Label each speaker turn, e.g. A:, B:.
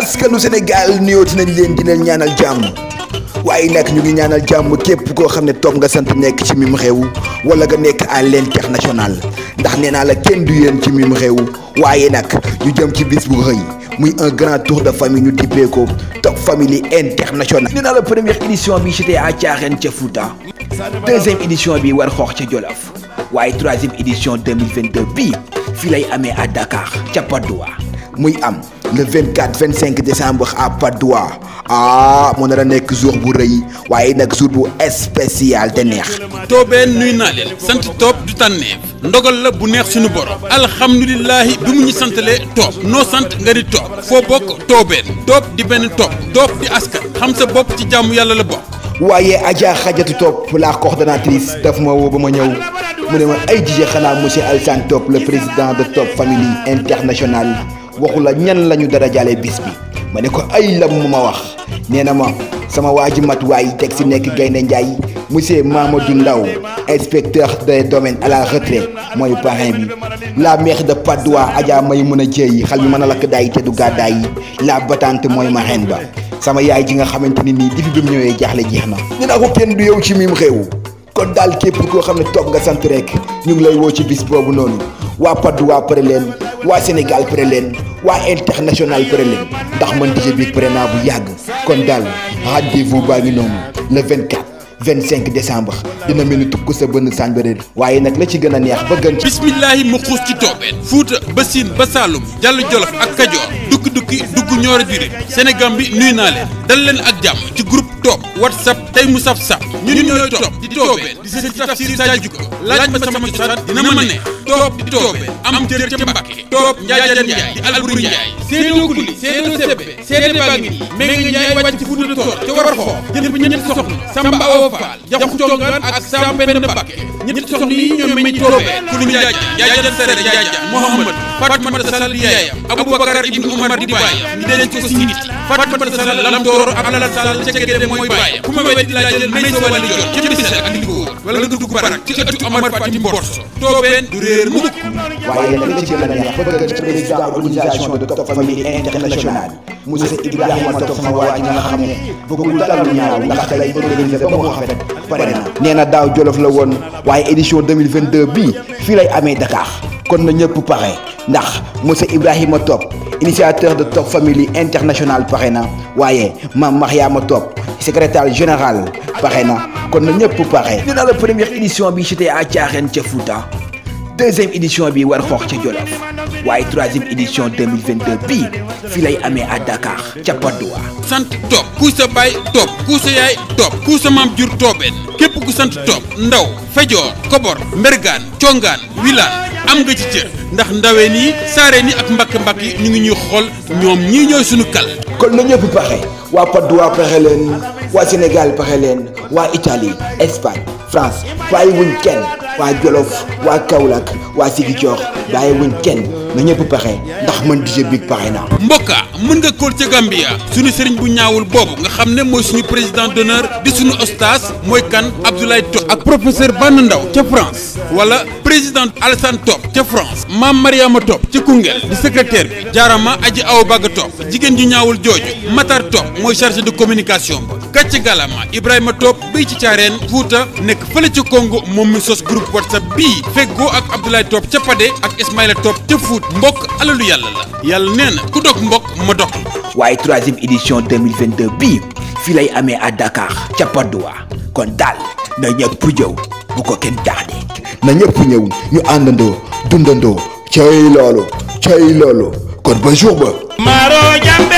A: askanu Sénégal nuyooti nañ leen dinañ ñaanal jàmm waaye nag ñu ngi ñaanal jàmm képp koo xam ne toog nga sant nekk ci mim réew wala nga nekk à l'international ndax nee naa la kenn du yéen ci mim réew waaye nag ñu jëm ci bis bu rëy muy un grand tour de famille ñu dippee ko Top Family International. nee naa la première édition bi c'était à Thiarène ca Fouta deuxième édition bi war xoox ca Jolof waaye troisième édition 2022 bii fii lay amee à Dakar ca Padoa muy am. le 24 25 décembre à Padoua ah mu nar a nekk jour bu rëy waaye nag jour bu spécial te neex.
B: toobeen nuy naa leen sant toob du tànneef ndogal la bu neex sunu borom alhamdulilahi bi mu ñu santalee toob noo sant nga di toob foo bokk toobeen toob di benn toob toob di askan xam sa bopp ci jàmm yàlla la bokk.
A: waaye Adja Xajatu Top la coordonnatrice daf ma woo ba ma ñëw mu ne ma ay jije xanaa monsieur Alassane Top le président de Top Family International waxu la ñan la ñu dara jaale bis bi ma ne ko ay lam mu ma wax nee na ma sama waa ji matuwaay teg si nekk Gaynde Njaay monsieur Mamadou Ndaw inspecteur des domaines à la retraite mooy parrain bi laa meex de Patte d'Oie Adja may mën a yi xal mi mën a lakk daay te du gàddaay yi la battante mooy marraine ba sama yaay ji nga xamante ni nii difi bi mu ñëwee jaaxle jeex na ñu naa ko kenn du yow ci miim réew kon daal képp koo xam ne toog nga sant rek ñu ngi lay woo ci bis boobu noonu waa Patte d'Oie pare leen waa Sénégal pare leen waa international pare ndax man DJ Big pare bu yàgg kon daal rendez-vous baa ngi noonu le 24 25 décembre dina mel ni tukku sa bënn sànbaréer waaye nag la ci gën a neex ba gën ci
B: bismillaahi mu xuus ci toobeen fuuta ba siin ba saalum jàll jolof ak kajoor dukki-dukki dugg ñoore diri Sénégal bi nuy naa leen dal leen ak jàmm ci groupe toob whatsapp tey mu saf-saf ñun ñooy toob di toobeen di seen tafsir Sadio Ko laaj ma sama cosaan dina ma ne toob di toobe am jër ca Mbàkke toob njaajar njaay di alburi njaay seedoo kuli seedoo sebbe seede baa ngi nii méng njaay wàcc fuuta toor ca war xoo jënd bi ñetti soxna samba awa faal jaxu congaan ak samba benn Mbàkke ñetti soxna yi ñoom meñ toobe kuli njaay njaajar sere njaay Mohamad Fatmata Sall di yaayam Aboubacar ibnu Umar di baayam ñu denc ko si nit Fatmata Sall lam toor Abdallah Sall ca gede mooy baayam ku ma weddi wala nga dugg barak ci ëttu Amar Fati Mborso a
A: neex ba gën président organisation de Top Famille Internationale Ibrahima Top sama nga xam ne bëggul dara lu ñaaw ndax tey organisé ba mu rafet pare na daaw Jolof la woon waaye édition 2022 bii fii lay amee Dakar kon na ñëpp paxe ndax monsieur Ibrahima Top initiateur de Top Famille Internationale pare na waaye Mame Mariama Top secrétaire général pare na kon na ñëpp pare nee naa la première édition bi c'était à Thiarène ca Fouta deuxième édition bi war xoox ca Jolof waaye troisième édition 2022 bii fii lay amee à Dakar ca Patte d'Oie
B: sant Toob ku sa baay Toob ku sa yaay Toob ku maam jur Toobeen képp ku sant Toob ndaw Fejoor Kobor Mbergaan Congaan Wilaan am nga ci cër ndax ndawe yi saareen yi ak mbàkk-mbàkk yi ñu ngi ñuy xool ñoom ñii ñooy suñu kal
A: kon na ñëpp paxe waa Patte d'Oie paxe leen waa Sénégal paxe leen waa Italie Espagne France bàyyi wuñ kenn waa Jolof waa Kaolack waa Ziguinchor bàyyi wuñ na ñëpp pexe ndax man DJ Big pare naa. mbokka mën
B: nga kóol ca Gambia suñu sëriñ bu ñaawul boobu nga xam ne mooy suñu président d'honneur di suñu ostas mooy kan Abdoulaye Top ak professeur Ban Ndaw ca France wala président Alassane Top ca France maam Mariama Top ca Koungheul di secrétaire bi jaarama Aji Awa Baga Top jigéen ju ñaawul jooju Matar Top mooy chargé de communication ba kàcc galama Ibrahima Top béy ci caareen Fuuta nekk fële ca Congo moom mi sos groupe WhatsApp bii feggoo ak Abdoulaye Top ca
A: mbokk alalu yàlla la yàlla nee na ku dog mbokk ma dog waaye troisième édition 2022 bii fii lay amee à Dakar ca Padoa kon daal na ñëpp ñëw bu ko kenn taxdi na ñëpp ñëw ñu àndandoo dundandoo cay loolu cay loolu kon ba jour ba